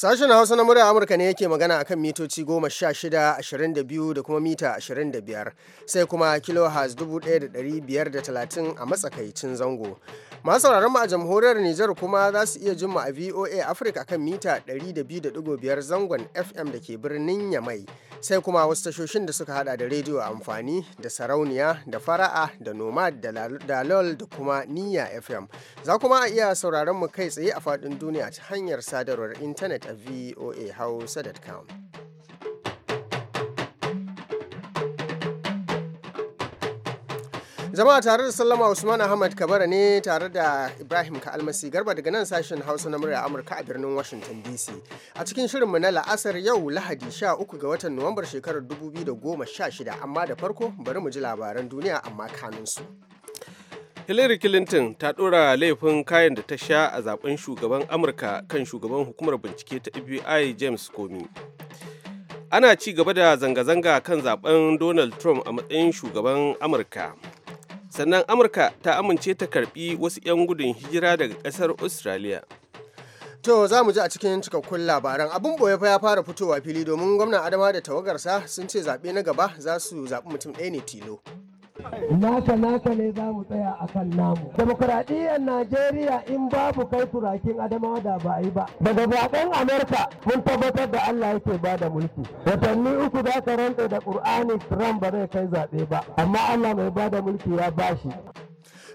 Sashen Hausa na murya Amurka ne yake magana akan mitoci goma sha shida 22 da kuma mita 25 sai kuma dubu da da talatin a matsakaicin zango. Masu sauraron mu a jamhuriyar Nijar kuma za su iya jin mu a VOA Africa kan mita 102.5 zangon FM da ke birnin Yamai. Sai kuma wasu tashoshin da suka hada da rediyo amfani da sarauniya da fara'a da nomad da dalol da kuma niyya FM. Za kuma a iya sauraron mu kai tsaye a faɗin duniya ta hanyar sadarwar intanet a jama'a tare da sallama usman ahmad kabara ne tare da ibrahim almasi garba daga nan sashen hausa na murya amurka a birnin washington dc a cikin shirinmu na la'asar yau lahadi sha uku ga watan nuwambar shekarar 2016 amma da farko bari mu ji labaran duniya amma kanunsu. su hillary clinton ta ɗora laifin kayan da ta sha a zaben shugaban amurka kan shugaban hukumar bincike ta fbi james comey ana ci gaba da zanga-zanga kan zaben donald trump a matsayin shugaban amurka sannan amurka ta amince ta karbi wasu 'yan gudun hijira daga kasar australia To za mu ji a cikin cikakkun labaran abin boye fa ya fara fitowa fili domin gwamna Adama da tawagarsa sun ce zaɓe na gaba za su zaɓi mutum ɗaya ne tilo. naka naka ne za mu tsaya a kan namu demokuraɗiyyar najeriya in babu kai turakin adamawa da ba a yi ba daga zaɓen amurka mun tabbatar da allah yake ba da mulki watanni uku za ka rantse da ƙur'ani trump ba zai kai zaɓe ba amma allah mai ba da mulki ya bashi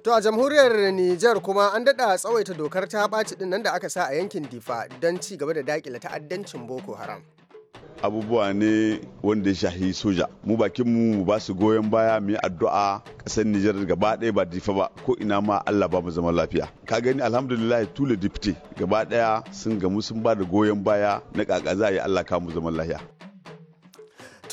To a jamhuriyar Nijar kuma an daɗa tsawaita dokar ta ɓaci ɗin nan da aka sa a yankin Difa don ci gaba da daƙila ta'addancin Boko Haram. abubuwa ne wanda ya shahi soja mu bakin mu ba su goyon baya mu yi addu'a kasar Nijar gaba ɗaya ba difa ba ko ina ma Allah ba mu zama lafiya ka gani alhamdulillah tule dipte gaba ɗaya sun gamu sun ba da goyon baya na kaka za a yi Allah ka mu zama lafiya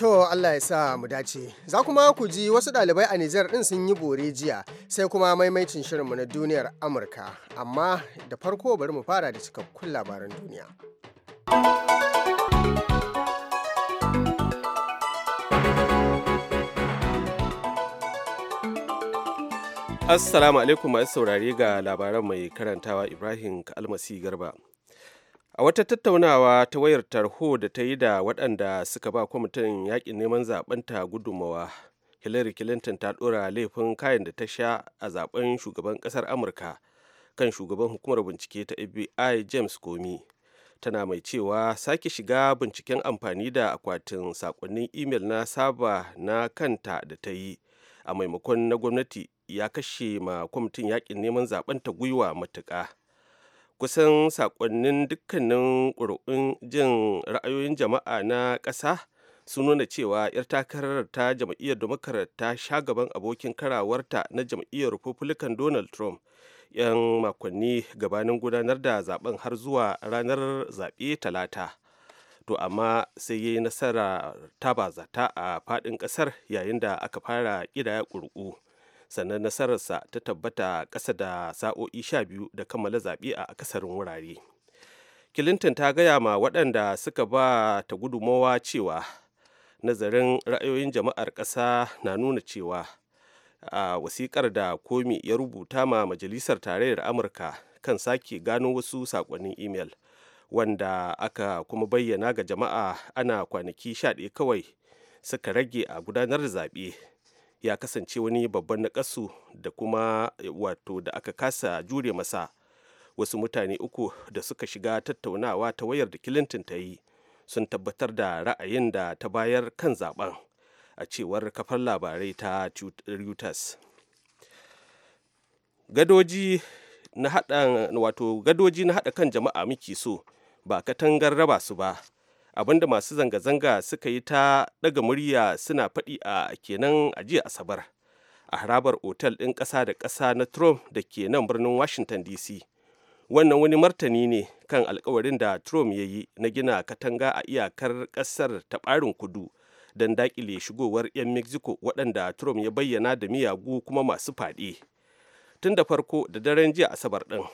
To Allah ya sa mu dace. Za kuma ku ji wasu ɗalibai a Nijar ɗin sun yi bore jiya sai kuma maimaicin shirinmu na duniyar Amurka. Amma da farko bari mu fara da cikakkun labaran duniya. Assalamu alaikum masu saurare ga labaran mai karantawa Ibrahim Almasi Garba. A wata tattaunawa ta wayar tarho da ta yi da waɗanda suka ba kwamitin yakin neman zaɓenta gudunmawa, Hillary Clinton ta ɗora laifin kayan da ta sha a zaben shugaban ƙasar Amurka kan shugaban hukumar bincike ta FBI James Comey. Tana mai cewa sake shiga binciken amfani da akwatin saƙonnin imel na saba na kanta da ta yi. a maimakon na gwamnati ya kashe ma kwamitin yakin neman zaben ta gwiwa matuƙa kusan sakonnin dukkanin ƙuri'un jin ra'ayoyin jama'a na ƙasa sun nuna cewa 'yar takarar ta jam'iyyar democrat ta sha gaban abokin karawarta na jam'iyyar republican donald trump 'yan makonni gabanin gudanar da zaben har zuwa ranar zaɓe talata to amma sai ya yi nasara ta bazata a faɗin ƙasar yayin da aka fara ƙidaya ƙuri'u sannan nasararsa ta tabbata ƙasa da sa'o'i sha biyu da kammala zaɓe a akasarin wurare clinton ta gaya ma waɗanda suka ba ta gudumawa cewa nazarin ra'ayoyin jama'ar ƙasa na nuna cewa a wasiƙar da komi ya rubuta ma majalisar tarayyar amurka kan sake gano wasu saƙonnin imel. wanda aka kuma bayyana ga jama'a ana kwanaki sha ɗaya kawai suka rage a gudanar da zaɓe ya kasance wani babban naƙasu da kuma eh, wato da aka kasa jure masa wasu mutane uku da suka shiga tattaunawa ta wayar da clinton ta yi sun tabbatar da ra'ayin da ta bayar kan zaben a cewar kafar labarai ta reuters gadoji na haɗa kan jama'a muke so ba katangar raba su ba abinda masu zanga-zanga suka yi ta daga murya suna faɗi a kenan a asabar a harabar otal ɗin ƙasa da ƙasa na trump da ke nan birnin washington dc wannan wani martani ne kan alkawarin da trump ya yi na gina katanga a iyakar ƙasar ta ɓarin kudu don daƙile shigowar 'yan mexico waɗanda trump ya bayyana da miyagu kuma masu faɗi tun da farko da daren jiya asabar ɗin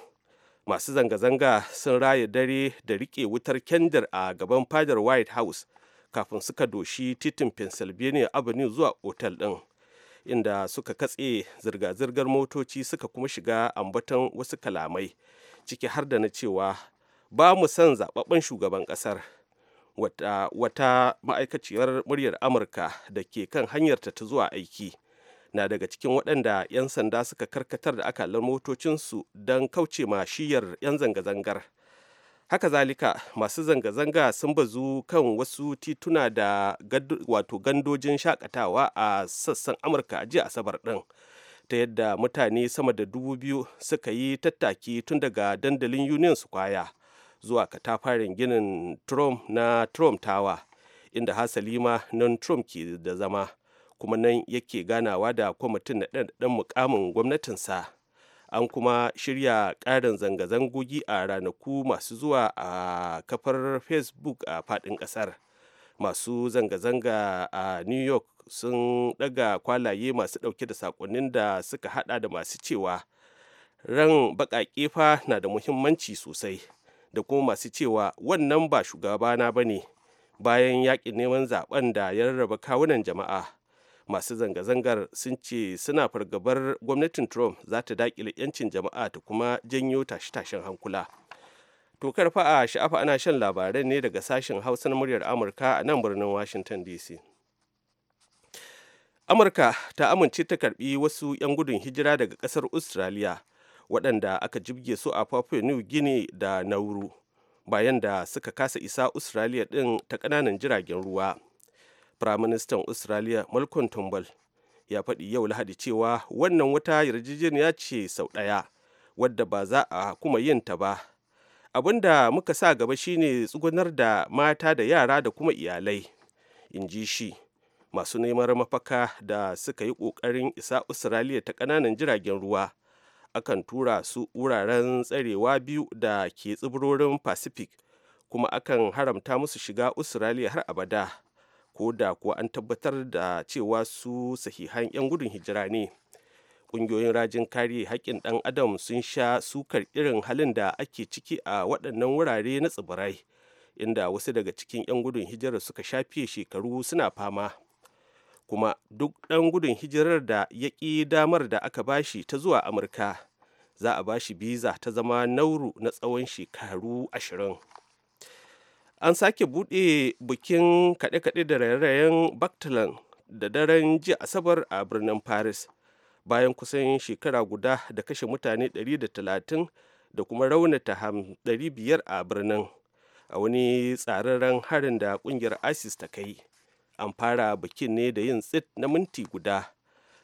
masu zanga-zanga sun raya dare da rike wutar kendir a gaban fadar white house kafin suka doshi titin pennsylvania avenue zuwa otal din inda suka katse zirga-zirgar motoci suka kuma shiga ambaton wasu kalamai ciki har da na cewa ba mu son zababben shugaban ƙasar wata, ma'aikaciyar muryar amurka da ke kan hanyarta ta zuwa aiki na daga cikin waɗanda 'yan sanda suka karkatar da akalar motocinsu don kauce ma shiyar 'yan zanga-zangar haka zalika masu zanga-zanga sun bazu kan wasu tituna da wato gandojin shakatawa a sassan amurka a jiya asabar ɗin ta yadda mutane sama da dubu biyu suka yi tattaki tun daga dandalin union su kwaya zuwa katafaren ginin trump na trump tower inda hasali ma nan trump ke da zama kuma nan yake ganawa da kwamitin na ɗan mukamin gwamnatinsa an kuma shirya ƙarin zanga-zangogi a ranaku masu zuwa a kafar facebook a faɗin ƙasar masu zanga-zanga a new york sun ɗaga kwalaye masu ɗauke da saƙonnin da suka haɗa da masu cewa ran baƙaƙe fa na da muhimmanci sosai da kuma masu cewa wannan ba shugabana ba ne bayan yaƙin neman zaɓen da ya rarraba kawunan jama'a masu zanga-zangar sun ce suna fargabar gwamnatin trump za ta daƙile 'yancin jama'a ta kuma janyo tashe-tashen hankula tokar karfa a sha'afa ana shan labaran ne daga sashen hausa muryar amurka a nan birnin washington dc amurka ta amince ta karbi wasu 'yan gudun hijira daga kasar australia waɗanda aka jibge su a papua new guinea da nauru bayan da suka kasa isa australia ɗin ta ƙananan jiragen ruwa firaministan australia malcolm turnbull ya faɗi yau lahadi cewa wannan wata yarjejeniya ce sau ɗaya wadda ba za a kuma yin ta ba abin da muka sa gaba shine tsugunar da mata da yara da kuma iyalai in ji shi masu neman mafaka da suka yi ƙoƙarin isa australia ta ƙananan jiragen ruwa akan tura su wuraren tsarewa biyu da ke tsibirorin pacific kuma akan haramta musu shiga australia har abada ko da kuwa an tabbatar da cewa su sahihan 'yan gudun hijira ne ƙungiyoyin rajin kare haƙƙin ɗan adam sun sha sukar irin halin da ake ciki a waɗannan wurare na tsibirai inda wasu daga cikin 'yan gudun hijirar suka shafe shekaru suna fama kuma duk ɗan gudun hijirar da ya ƙi damar da aka bashi ta zuwa amurka za a bashi biza ta zama nauru na tsawon shekaru ashirin. an sake buɗe bikin kaɗe-kaɗe da raye-rayen bactalan da daren ji asabar a birnin paris bayan kusan shekara guda da kashe mutane 130 da kuma raunata 500 a birnin a wani tsararren harin da kungiyar isis ta kai an fara bikin ne da yin tsit na minti guda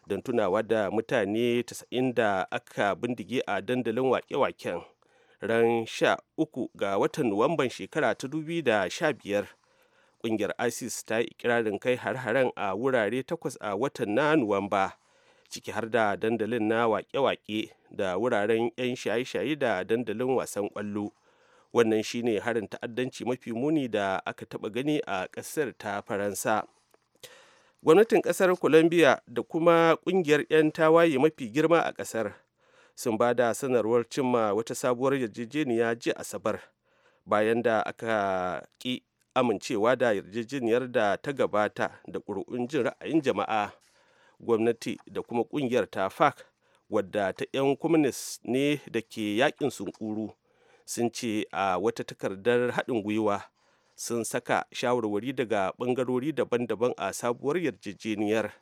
don tunawa da mutane 90 da aka bindige a dandalin wake-waken ran uku ga watan nuwamban shekara ta dubi da sha biyar kungiyar isis ta yi ikirarin kai har-haren a wurare takwas a watan na nuwamba ciki har da dandalin na wake-wake da wuraren 'yan shaye-shaye da dandalin wasan kwallo wannan shine harin ta'addanci mafi muni da aka taba gani a ƙasar ta faransa gwamnatin ƙasar colombia da kuma ƙungiyar 'yan tawaye mafi girma a ƙasar sun ba da sanarwar cimma wata sabuwar yarjejeniya jiya asabar bayan da aka ƙi amincewa da yarjejeniyar da ta gabata da ƙuri'un jin ra'ayin jama'a gwamnati da kuma ƙungiyar ta Fak wadda ta 'yan kwaminis ne da ke yakin sunkuru sun ce a wata takardar haɗin gwiwa sun saka shawarwari daga ɓangarori daban-daban a sabuwar yarjejeniyar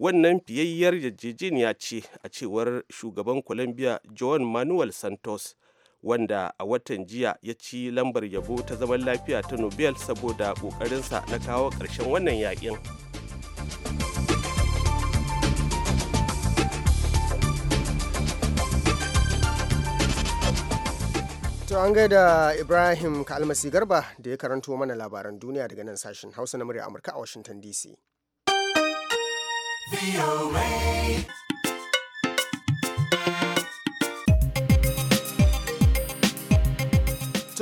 wannan fiyayyar yarjejeniya ce a cewar shugaban colombia john manuel santos wanda a watan jiya ya ci lambar yabo ta zaman lafiya ta nobel saboda kokarinsa na kawo ƙarshen wannan yakin to an gaida ibrahim kalmasi garba da ya karanto mana labaran duniya daga nan sashen hausa na murya amurka a washington dc To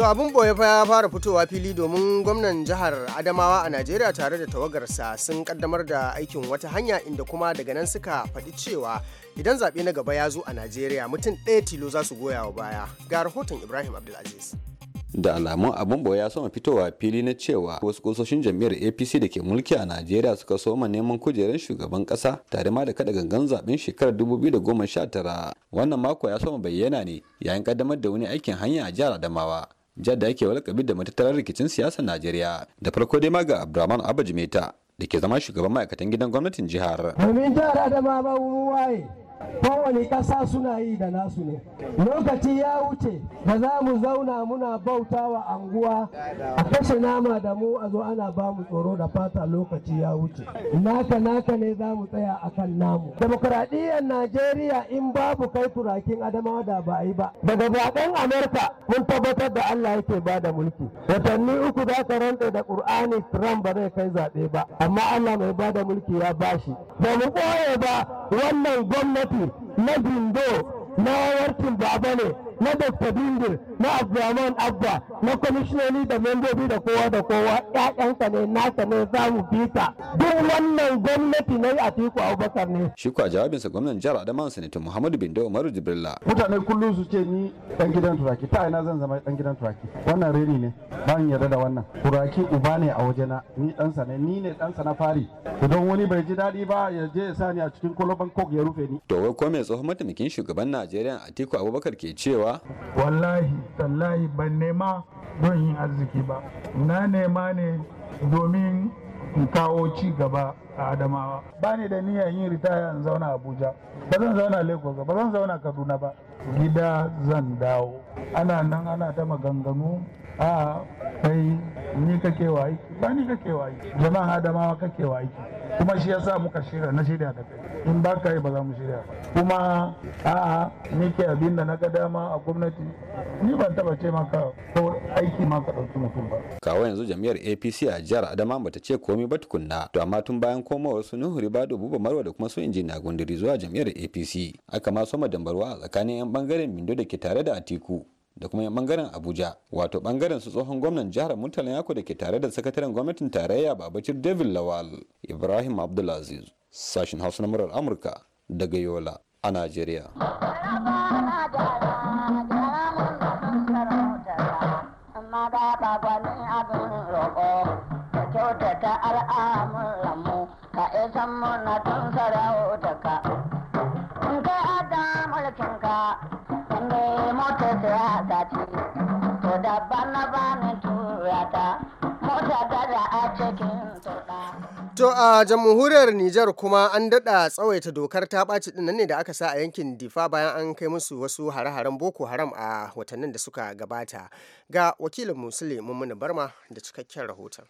abin boye fa ya fara fitowa fili domin gwamnan jihar Adamawa a Najeriya tare da tawagarsa sun kaddamar da aikin wata hanya inda kuma daga nan suka faɗi cewa idan zaɓe na gaba ya zo a Najeriya mutum ɗaya tilo za su goya wa baya. Ga rahoton Ibrahim Abdulaziz. da alamun abin boya sama fitowa fili na cewa wasu kusoshin jam'iyyar apc da ke mulki a najeriya suka soma neman kujerar shugaban kasa tare ma da kada gangan zaben shekarar da goma sha tara. wannan mako ya soma bayyana ne yayin kaddamar da wani aikin hanya a jihar adamawa jihar da ake walakabi da matattarar rikicin siyasar najeriya da farko dai ma ga abdulrahman abaji meta da ke zama shugaban ma'aikatan gidan gwamnatin jihar kowane ƙasa suna yi da nasu ne lokaci ya wuce da za mu zauna muna bauta wa anguwa a kashe nama da mu a zo ana ba mu tsoro da fata lokaci ya wuce naka naka ne za mu tsaya a kan namu demokuraɗiyyar najeriya in babu kai turakin adamawa da ba a yi ba daga zaɓen amurka mun tabbatar da allah yake ba da mulki watanni uku za ka rantse da ƙur'ani trump ba zai kai zaɓe ba amma allah mai ba da mulki ya bashi ba mu ɓoye ba wannan gwamnati na bindo na wartin baba ne na Dr. Bindir na Abdulrahman Abba na kwamishinoni da membobi da kowa da kowa ƴaƴansa ne nasa ne za mu bita duk wannan gwamnati na a tiku Abubakar ne. Shi kuwa jawabinsa gwamnan jihar Adamawa Sanata Muhammadu Bindo Umaru jibrila. Mutane kullum su ce ni dan gidan turaki ta ina zan zama dan gidan turaki wannan reni ne ba ni yarda da wannan turaki uba ne a wajena ni ɗansa ne ni ne ɗansa na fari idan wani bai ji daɗi ba ya je ya sani a cikin kwalaban kok ya rufe ni. To wai ko mai tsohon mataimakin shugaban Najeriya Atiku Abubakar ke cewa ba? wallahi tallahi ban nema don yin arziki ba na nema ne domin in kawo ci gaba a adamawa ba ni da niyan yin ritaya in zauna abuja ba zan zauna lagos ba zan zauna kaduna ba gida zan dawo ana nan ana ta maganganu a kai ni kake wa aiki ba ni kake wa aiki jama'an adamawa kake wa aiki kuma shi yasa muka shirya na shirya da kai in ba ka yi ba za mu shirya kuma a'a ni ke abin da na ga dama a gwamnati ni ban taba ce maka ko aiki ma ka ɗauki mutum ba. kawo yanzu jami'ar apc a jihar adama bata ce komai ba tukunna to amma tun bayan komawar su nuhu ribado buba marwa da kuma su injiniya gundiri zuwa jami'ar apc aka ma soma dambarwa a tsakanin 'yan bangaren bindo da ke tare da atiku da kuma bangaren abuja wato bangaren su tsohon gwamnan jihar murtala yako da ke tare da sakataren gwamnatin tarayya babacir david lawal ibrahim abdulaziz sashen hausa na murar amurka daga yola a nigeria ka isan mu na tun ka. to a jamhuriyar Nijar kuma an daɗa tsawaita dokar ta ɓaci ɗin nan ne da aka sa a yankin Difa bayan an kai musu wasu hare-haren Boko Haram a watannin da suka gabata. Ga wakilin musulmi Mummuna Barma da cikakken rahoton.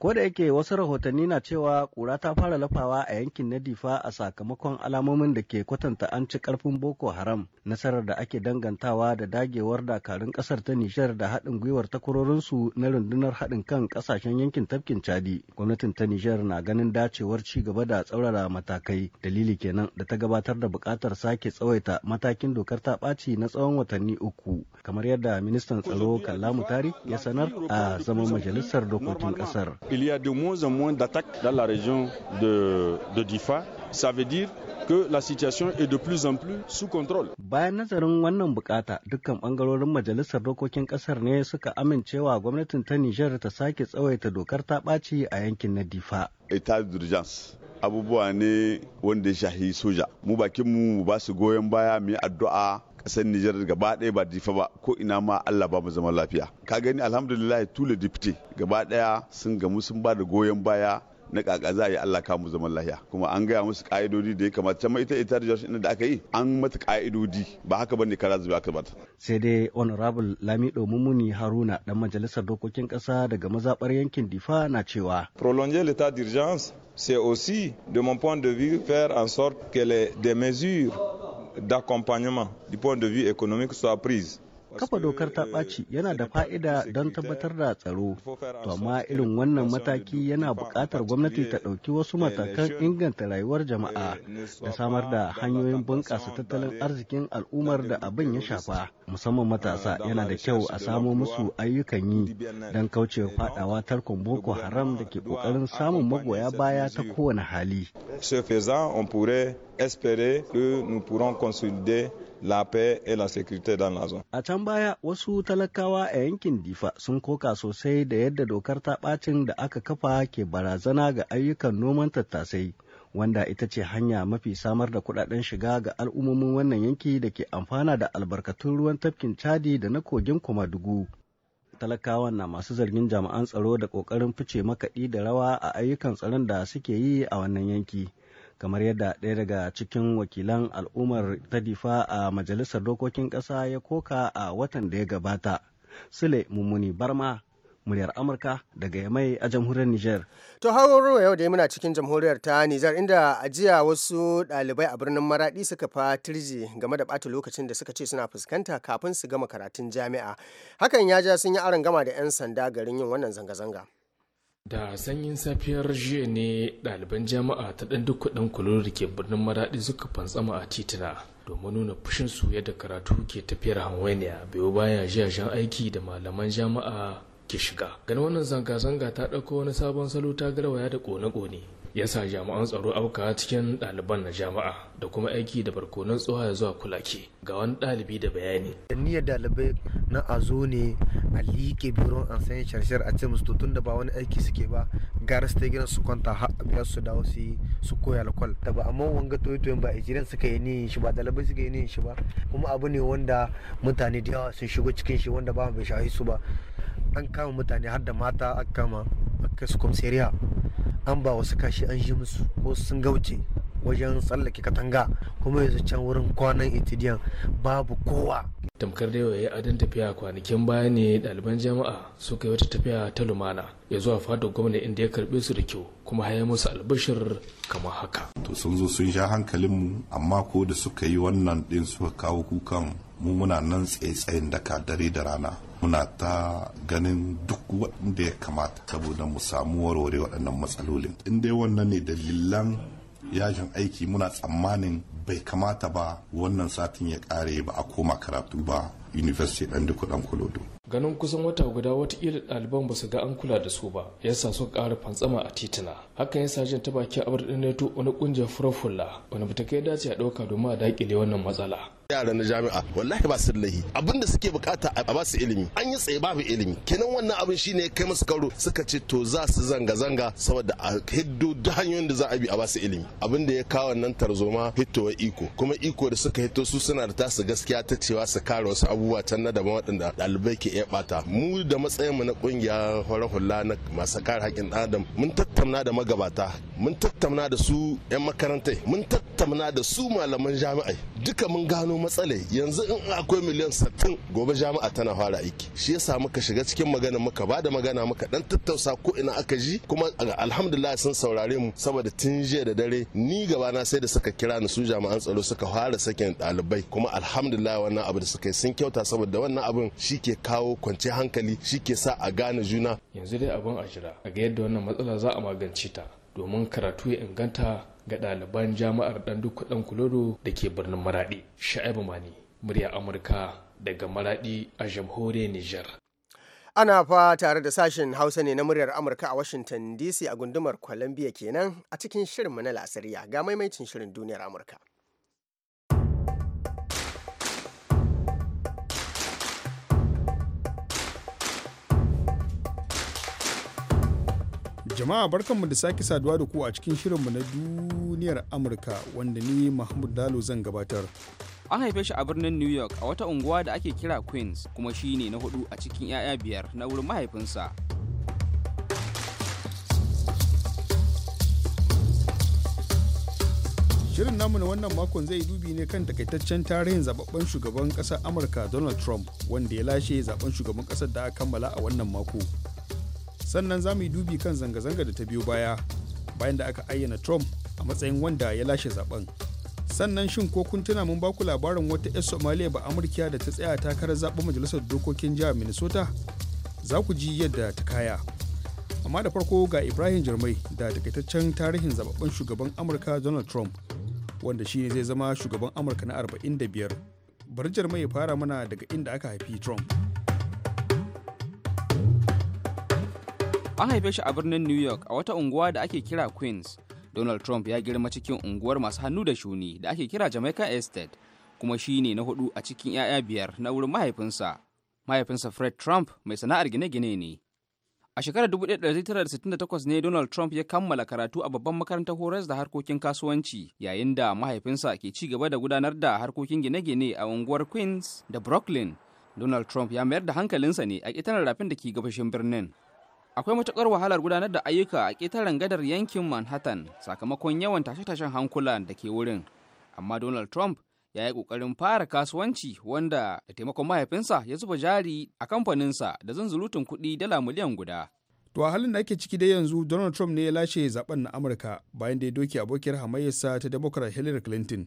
Ko da yake wasu rahotanni na cewa ƙura ta fara lafawa a yankin na Difa a sakamakon alamomin da ke kwatanta an ci ƙarfin Boko Haram, nasarar da ake dangantawa da dagewar dakarun ƙasar ta Nijar da haɗin gwiwar takwarorinsu na rundunar haɗin kan ƙasashen yankin tafkin Chadi. Gwamnatin ta Nijar na ganin dacewar ci gaba da tsaurara matakai, dalili kenan da ta gabatar da buƙatar sake tsawaita matakin dokar ta ɓaci na tsawon watanni uku, kamar yadda ministan tsaro kallamu tari ya sanar a zaman majalisar dokokin ƙasar. il y a de moins en moins d'attaques dans la région de, de Difa. Ça veut dire que la situation est de plus en plus sous contrôle. Bayan nazarin wannan bukata, dukkan bangarorin majalisar dokokin kasar ne suka amincewa gwamnatin ta Nijar ta sake tsawaita dokar ta ɓaci a yankin na Difa. etat d'urgence abubuwa ne wanda ya shahi soja mu bakin mu ba su goyon baya mu addu'a kasar Nijar gaba ɗaya ba difa ba ko ina ma Allah ba mu zama lafiya. Ka gani alhamdulillah tule dipte gaba ɗaya sun gamu sun ba da goyon baya na kaka za yi Allah kamu zaman lahiya kuma an gaya musu ka'idodi da ya kamata can ita ita da aka yi an mata ka'idodi ba haka bane kara zuwa aka bata sai dai honorable Lamido Mumuni Haruna dan majalisar dokokin kasa daga mazabar yankin Difa na cewa prolonger l'état d'urgence c'est aussi de mon point de vue faire en sorte que les des mesures d'accompagnement du point de vue économique soient prises Kafa dokar ta ɓaci yana da fa'ida don tabbatar da tsaro, to amma irin wannan mataki yana buƙatar gwamnati ta ɗauki wasu matakan inganta rayuwar jama'a da samar da hanyoyin bunƙasa tattalin arzikin al'ummar da abin ya shafa. Musamman matasa yana da kyau a samo musu ayyukan yi don kaucewa faɗawa tarkon Boko Haram da ke ƙoƙarin samun magoya baya ta kowane hali. Ce on pourrait espérer que nous pourrons la paix et la sécurité dans la zone. A can baya wasu talakawa a yankin Difa sun koka sosai da yadda dokar ta bacin da aka kafa ke barazana ga ayyukan noman tattasai wanda ita ce hanya mafi samar da kudaden shiga ga al'ummomin wannan yanki da ke amfana da albarkatun ruwan tafkin Chadi da na kogin kumadugu Talakawan na masu zargin jami'an tsaro da ƙoƙarin fice makaɗi da rawa a ayyukan tsaron da suke yi a wannan yanki. kamar yadda ɗaya daga cikin wakilan al'ummar ta difa a majalisar dokokin ƙasa ya koka a watan da ya gabata sule mummuni barma muryar amurka daga yamai a jamhuriyar niger to ruwa yau da muna cikin jamhuriyar ta niger inda ajiya wasu ɗalibai a birnin maradi suka fa tirji game da ɓata lokacin da suka ce suna fuskanta kafin su gama karatun jami'a hakan ya ja sun yi aron gama da 'yan sanda garin yin wannan zanga-zanga da sanyin safiyar jiya ne ɗaliban jama'a ta ɗan duk kuɗin kulur da ke birnin maraɗi suka fantsama a titina domin nuna fushin su yadda karatu ke tafiyar hanwainiya biyo baya jiyajen aiki da malaman jama'a ke shiga ganin wannan zanga-zanga ta ɗauko wani sabon salo ta garwaya da ƙone-ƙone ya sa jami'an tsaro auka cikin ɗaliban na jama'a da kuma aiki da barkonon tsoha ya zuwa kulake ga wani ɗalibi da bayani. da niyyar ɗalibai na a zo ne a liƙe biron an sanya sharshar a ce musu to tun da ba wani aiki suke ba gara su ta gina su kwanta har biyar su dawo su yi su koya alkol da ba amma wanga toyotoyin ba ijiran suka yi niyyar shi ba ɗalibai suka yi niyyar shi ba kuma abu ne wanda mutane da yawa sun shigo cikin shi wanda ba bai shahi su ba an kama mutane har da mata aka kama aka su an ba wasu kashi an shi musu ko sun gauce wajen tsallake katanga kuma yanzu can wurin kwanan itidiyan babu kowa tamkar da ya adon tafiya kwanakin baya ne ɗaliban jama'a suka yi wata tafiya ta lumana ya zuwa fada gwamna inda ya karɓe su da kyau kuma haya musu albashir kamar haka to sun zo sun sha hankalinmu amma ko da suka yi wannan ɗin suka kawo kukan mu muna nan tsaye-tsayen daka dare da rana muna ta ganin duk waɗanda ya kamata saboda mu samu warware waɗannan matsalolin in dai wannan ne dalilan yajin aiki muna tsammanin bai kamata ba wannan satin ya ƙare ba a koma karatu ba university ɗan duk ɗan kulodo ganin kusan wata guda watakila ɗaliban ba su ga an kula da su ba yasa suka ƙara fantsama a titina hakan yasa jin ta baki abar ɗin neto wani ƙungiyar furfulla wani ba ya dace a ɗauka domin a daƙile wannan matsala yara na jami'a wallahi ba su lahi abin da suke bukata a ba su ilimi an yi tsaye babu ilimi kenan wannan abin shine kai musu karo suka ce to za su zanga zanga saboda a hiddo duk hanyoyin da za a bi a ba su ilimi abin da ya kawo nan tarzoma hitowar iko kuma iko da suka hito su suna da tasu gaskiya ta cewa su kare wasu abubuwa can na daban waɗanda ɗalibai ke iya bata mu da matsayin mu na kungiya hore hula na masu kare haƙƙin adam mun tattauna da magabata mun tattauna da su 'yan makarantai mun tattauna da su malaman jami'ai duka mun gano matsala yanzu in akwai miliyan sattin gobe jami'a tana fara aiki shi yasa muka shiga cikin magana muka ba da magana muka dan tattausa ko ina aka ji kuma alhamdulillah sun saurare mu saboda tun jiya da dare ni gaba na sai da suka kira ni su jami'an tsaro suka fara sakin dalibai kuma alhamdulillah wannan abu da suka yi sun kyauta saboda wannan abin shi ke kawo kwanciyar hankali shi ke sa a gane juna yanzu dai abun a jira a ga yadda wannan matsala za a magance ta domin karatu ya inganta ga ɗaliban jami'ar ɗan duk ɗan kuloro da ke birnin maraɗi sha'ibu mani murya amurka daga maraɗi a jamhuriyar niger ana fa tare da sashen hausa ne na muryar amurka a washington dc a gundumar columbia kenan a cikin shirinmu na lasariya ga maimaitin shirin duniyar amurka Jama'a barkanmu da sake saduwa da ku a cikin shirinmu na duniyar Amurka wanda ni Mahmud Lalo zan gabatar. An haife shi a birnin New York a wata unguwa da ake kira Queens kuma shi ne na hudu a cikin 'ya'ya biyar na wurin mahaifinsa. Shirin namu na wannan makon zai dubi ne kan takaitaccen tarihin zababben shugaban ƙasar Amurka Donald Trump wanda ya lashe zaben shugaban ƙasar da aka kammala a wannan mako. sannan za mu yi dubi kan zanga-zanga da ta biyo baya bayan da aka ayyana trump a matsayin wanda ya lashe zaben sannan shin ko kun tuna mun baku labarin wata 'yar somaliya ba amurkiya da ta tsaya takarar zaben majalisar dokokin jihar minnesota za ku ji yadda ta kaya amma da farko ga ibrahim jarmai da takaitaccen tarihin zababben shugaban amurka donald trump wanda shi zai zama shugaban amurka na 45 bari jirmai ya fara mana daga inda aka haifi trump An haife shi a birnin New York a wata unguwa da ake kira Queens. Donald Trump ya girma cikin unguwar masu hannu da shuni da ake kira Jamaica Estate, kuma shi ne na hudu a cikin 'ya'ya biyar na wurin mahaifinsa. Mahaifinsa Fred Trump mai sana'ar gine-gine ne. A shekarar 1968 ne Donald Trump ya kammala karatu a babban makarantar horas da harkokin kasuwanci yayin da mahaifinsa ke ci gaba da gudanar da harkokin gine-gine a unguwar Queens da Brooklyn. Donald Trump ya mayar da hankalinsa ne a ƙetaren rafin da ke gabashin birnin. akwai matukar wahalar gudanar da ayyuka a ƙetaren gadar yankin manhattan sakamakon yawan tashe-tashen hankula da ke wurin amma donald trump ya yi ƙoƙarin fara kasuwanci wanda da taimakon mahaifinsa ya zuba jari a kamfaninsa da zunzulutun kuɗi dala miliyan guda to a halin da ake ciki dai yanzu donald trump ne ya lashe zaben na amurka bayan da ya doke abokiyar hamayyarsa ta democrat hillary clinton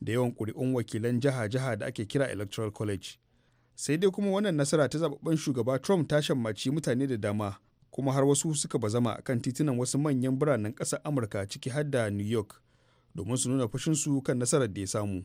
da yawan ƙuri'un wakilan jiha-jiha da ake kira electoral college sai dai kuma wannan nasara ta zababben shugaba trump ta shammaci mutane da dama kuma har wasu suka bazama kan titunan wasu manyan biranen ƙasar amurka ciki har da new york domin su nuna fushinsu kan nasarar da ya samu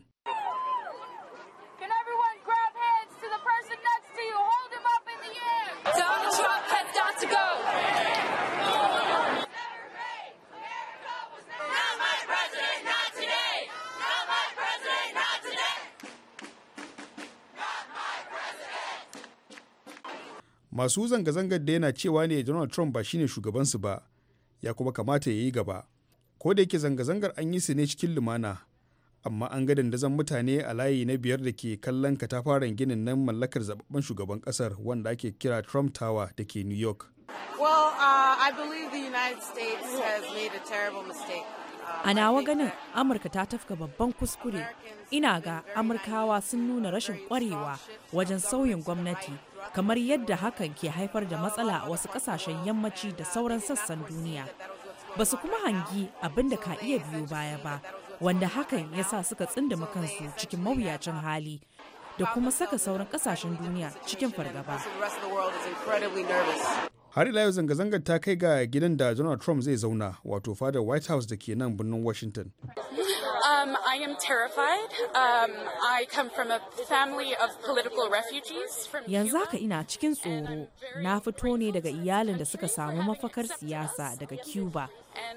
masu zanga-zangar da yana cewa ne donald trump ba shine shugabansu ba ya kuma kamata ya yi gaba ko da yake zanga-zangar an yi su ne cikin lumana amma an ga dandazon mutane a layi na biyar da ke kallon katafaren ginin nan mallakar zababben shugaban kasar wanda ake kira trump tower da ke new york well, uh, the United States has made a terrible A nawa ganin Amurka ta tafka babban kuskure. Ina ga Amurkawa sun nuna rashin kwarewa wajen sauyin gwamnati kamar yadda hakan ke haifar da matsala a wasu kasashen yammaci da sauran sassan duniya. Ba su kuma hangi abin da ka iya biyo baya ba, wanda hakan ya sa suka tsindima kansu cikin mawuyacin hali da kuma saka sauran kasashen duniya cikin fargaba. har ila yau zanga-zangar ta kai ga gidan da donald trump zai zauna wato fadar white house da ke nan birnin washington Um, I um, I come from a family of political refugees Yanzu haka ina cikin tsoro. Na fito ne daga iyalin da suka samu mafakar siyasa daga Cuba.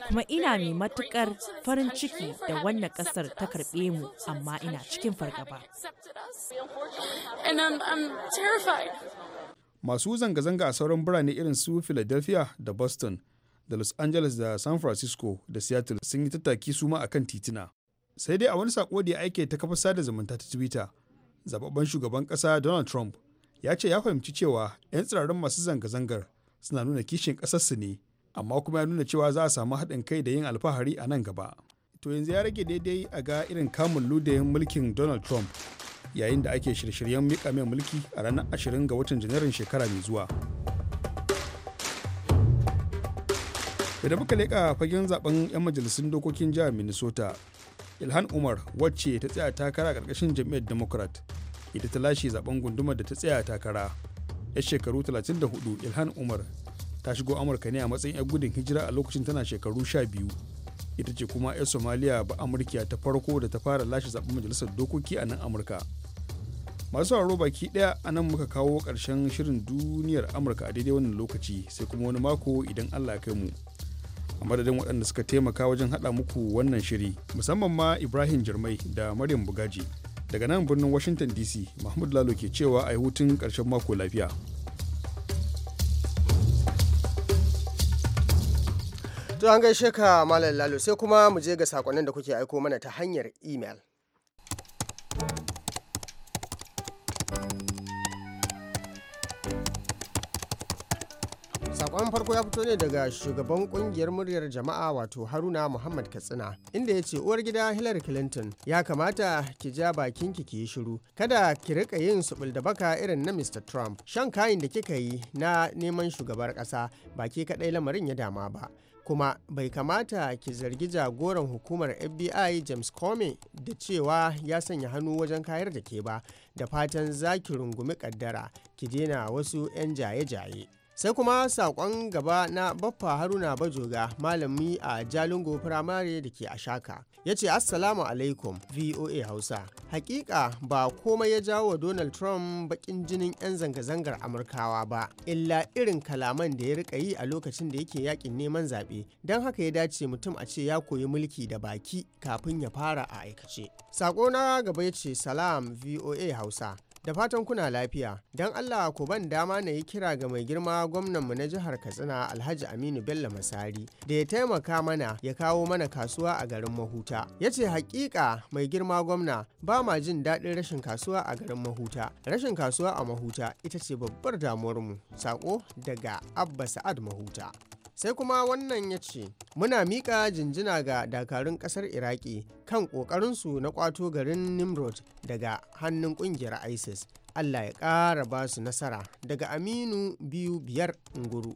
Kuma ina mai matukar farin ciki da wannan kasar ta karbe mu, amma ina cikin fargaba. masu zanga-zanga a sauran birane irin su philadelphia da boston da los angeles da san francisco da seattle sun yi tattaki su ma akan titina sai dai a wani sako da ya aike ta kafa sada zumunta ta twitter zababben shugaban kasa donald trump ya ce ya fahimci cewa 'yan tsirarin masu zanga-zangar suna nuna kishin ƙasarsu ne amma kuma ya nuna cewa za a samu haɗin kai da yin alfahari a nan gaba to yanzu ya rage daidai a ga irin kamun ludayin mulkin donald trump yayin da ake shirye-shiryen mika mai mulki a ranar ashirin ga watan janairun shekara mai zuwa idan muka leƙa fagen zaben 'yan majalisun dokokin jihar minnesota ilhan umar wacce ta tsaya takara a ƙarƙashin jam'iyyar democrat ita ta lashe zaben gundumar da ta tsaya takara yar shekaru 34 ilhan umar ta shigo amurka ne a matsayin 'yan gudun hijira a lokacin tana shekaru 12 ita ce kuma 'yan somaliya ba amurkiya ta farko da ta fara lashe zaben majalisar dokoki a nan amurka masu sauraro baki daya a nan muka kawo karshen shirin duniyar amurka a daidai wannan lokaci sai kuma wani mako idan allah kai mu a madadin waɗanda suka taimaka wajen haɗa muku wannan shiri musamman ma ibrahim jirmai da maryam bugaji daga nan birnin washington dc mahmud lalo ke cewa a yi hutun ƙarshen mako lafiya To an gaishe ka Malam Lalo sai kuma mu je ga sakonnin da kuke aiko mana ta hanyar email. sakon farko ya fito ne daga shugaban kungiyar muryar jama'a wato haruna muhammad katsina inda ya ce uwar gida hillary clinton ya kamata ki ja bakin ki yi shiru kada ki rika yin subul da baka irin na mr trump shan kayan da kika yi na neman shugabar kasa ba ke kadai lamarin ya dama ba kuma bai kamata ki zargi jagoran hukumar fbi james comey da cewa ya sanya hannu wajen kayar da ke ba da fatan za ki rungumi kaddara ki daina wasu 'yan jaye-jaye sai kuma saƙon gaba na baffa haruna bajoga malami a jalingo firamare da ke ashaka ya ce assalamu alaikum voa hausa hakika ba komai ya jawo wa donald trump bakin jinin 'yan zanga-zangar amurkawa ba illa irin kalaman da ya rika yi a lokacin da yake yakin neman zaɓe don haka ya dace mutum a ce ya koyi mulki da baki kafin ya fara a aikace sako na gaba ya ce salam voa hausa Da fatan kuna lafiya, don Allah ku ban dama na yi kira ga mai girma gwamnanmu na jihar Katsina Alhaji Aminu Bello Masari da ya taimaka mana ya kawo mana kasuwa a garin Mahuta. Ya ce hakika mai girma gwamna ba ma jin daɗin rashin kasuwa a garin Mahuta. Rashin kasuwa a Mahuta ita ce babbar damuwarmu. Sako daga Abba Sa'ad Mahuta. sai kuma wannan ya ce muna miƙa jinjina ga dakarun ƙasar iraki kan ƙoƙarinsu na ƙwato garin nimrod daga hannun ƙungiyar isis allah ya ƙara ba su nasara daga aminu biyu biyar nguru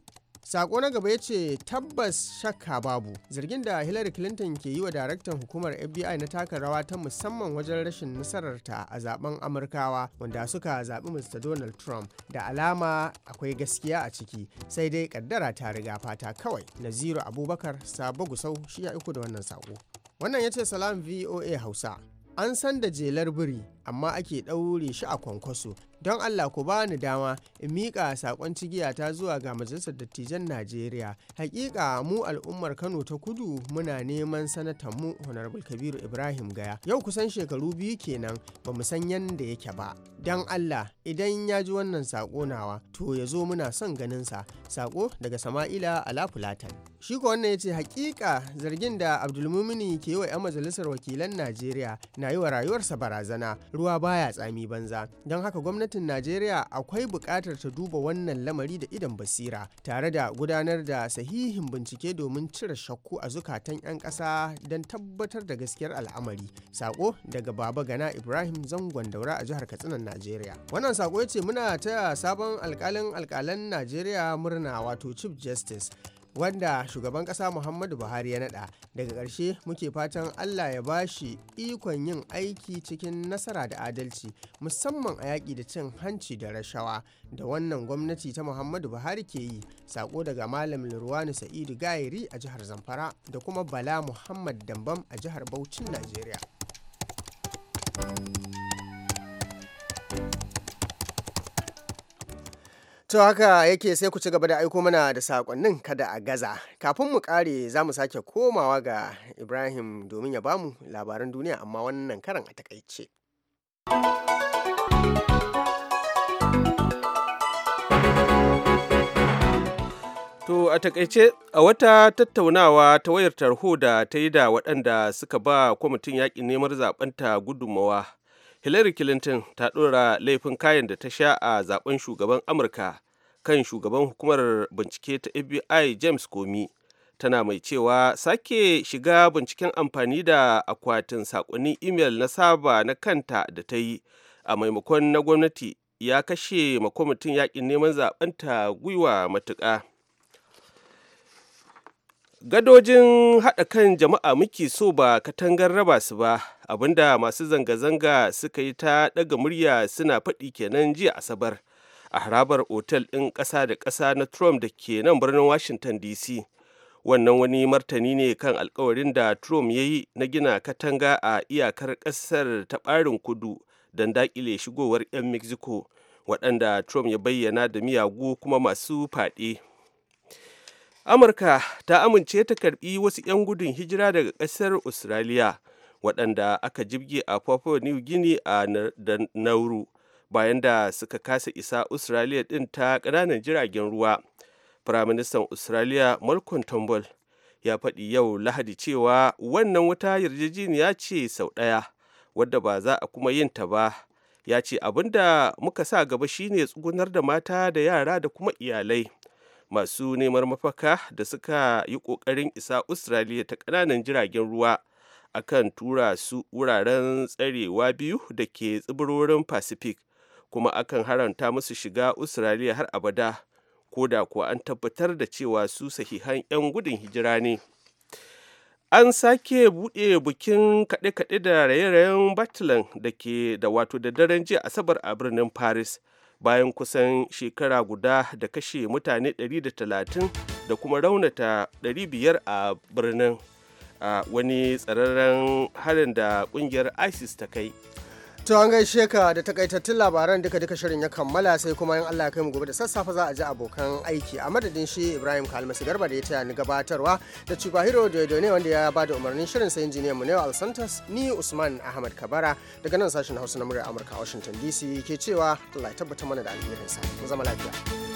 sako na gaba ya ce tabbas shakka babu zargin da hillary clinton ke yi wa daraktan hukumar fbi na taka rawa ta musamman wajen rashin nasararta a zaben amurkawa wanda suka zaɓi mr donald trump da alama akwai gaskiya a ciki sai dai kaddara ta riga fata kawai naziru abubakar sabo gusau shi ya iku da wannan sako wannan ya ce salam voa hausa an san da jelar biri amma ake ɗaure shi a kwankwaso don allah ku bani dama in miƙa saƙon cigiyata zuwa ga majalisar dattijan najeriya Haƙiƙa mu al'ummar kano ta kudu muna neman sanatan mu honorable kabiru ibrahim gaya yau kusan shekaru biyu kenan ba mu san yanda yake ba don allah idan ya ji wannan saƙo nawa to ya zo muna son ganin sa saƙo daga sama'ila alafulatan shi ko wannan ya ce haƙiƙa zargin da abdulmumini ke yi wa 'yan majalisar wakilan najeriya na yi wa rayuwarsa barazana ruwa baya tsami banza don haka gwamnatin najeriya akwai buƙatar ta duba wannan lamari da idan basira tare da gudanar da sahihin bincike domin cire shakku a zukatan 'yan ƙasa don tabbatar da gaskiyar al'amari sako daga baba gana ibrahim zangon daura a jihar katsinan najeriya wannan sako ya ce muna taya sabon alkalin alkalan najeriya murna wato chief justice wanda shugaban kasa Muhammadu Buhari ya naɗa. Daga ƙarshe muke fatan Allah ya ba shi ikon yin aiki cikin nasara da adalci musamman a yaƙi da cin hanci da rashawa da wannan gwamnati ta Muhammadu Buhari ke yi. Sako daga Malam Lurwani Sa'idu Gayiri a jihar Zamfara da kuma Bala Muhammad Dambam a jihar Bauchin Najeriya. To haka yake sai ku ci gaba da aiko mana da sakonnin kada a gaza. Kafin mu ƙare za mu sake komawa ga Ibrahim domin ya bamu labaran duniya amma wannan karan a takaice. To a takaice a wata tattaunawa ta wayar tarho da ta yi da waɗanda suka ba kwamitin yaƙin neman zaɓenta gudunmawa hillary clinton ta ɗora laifin kayan da ta sha a zaben shugaban amurka kan shugaban hukumar bincike ta fbi james comey tana mai cewa sake shiga binciken amfani da akwatin saƙonnin imel na saba na kanta da ta yi a maimakon na gwamnati ya kashe makwamitin yakin neman zaɓenta gwiwa matuƙa. gadojin haɗa kan jama'a muke so ba katangar raba su ba abinda masu zanga-zanga suka yi ta ɗaga murya suna faɗi kenan jiya asabar a harabar otel ɗin ƙasa da ƙasa na trump da ke nan birnin washington dc wannan wani martani ne kan alkawarin da trump ya yi na gina katanga a iyakar ƙasar ta ɓarin kudu don daƙile shigowar 'yan mexico waɗanda trump ya bayyana da miyagu kuma masu faɗi. amurka ta amince ta karbi wasu 'yan gudun hijira daga kasar australia waɗanda aka jibge a papua new guinea a da nauru bayan da suka kasa isa australia ɗin ta ƙananan jiragen ruwa firaministan australia malcolm turnbull ya faɗi yau lahadi cewa wannan wata yarjejeniya ce sau ɗaya wadda ba za a kuma yin ta ba ya ce abin da muka sa gaba shine tsugunar da mata da yara da kuma iyalai masu neman mafaka da suka yi ƙoƙarin isa australia ta ƙananan jiragen ruwa akan tura su wuraren tsarewa biyu da ke tsibirorin pacific kuma akan haranta musu shiga australia har abada ko da kuwa an tabbatar da cewa su sahihan 'yan gudun hijira ne an sake buɗe bukin kaɗe-kaɗe da raye-rayen batlan da ke da wato da daren jiya asabar a birnin paris bayan kusan shekara guda da kashe mutane 130 da kuma raunata 500 a birnin wani tsararren harin da kungiyar isis ta kai To an gaishe ka da takaitattun labaran duka duka shirin ya kammala sai kuma in Allah kai mu gobe da sassafe za a ji abokan aiki a madadin shi Ibrahim Kalmasi Garba da ya taya ni gabatarwa da Chibahiro Dodo ne wanda ya ba da umarnin shirin sai injiniyan mu ne al Alsantas ni Usman Ahmad Kabara daga nan sashen Hausa na muryar Amurka Washington DC ke cewa Allah ya tabbata mana da alherin sa mu zama lafiya.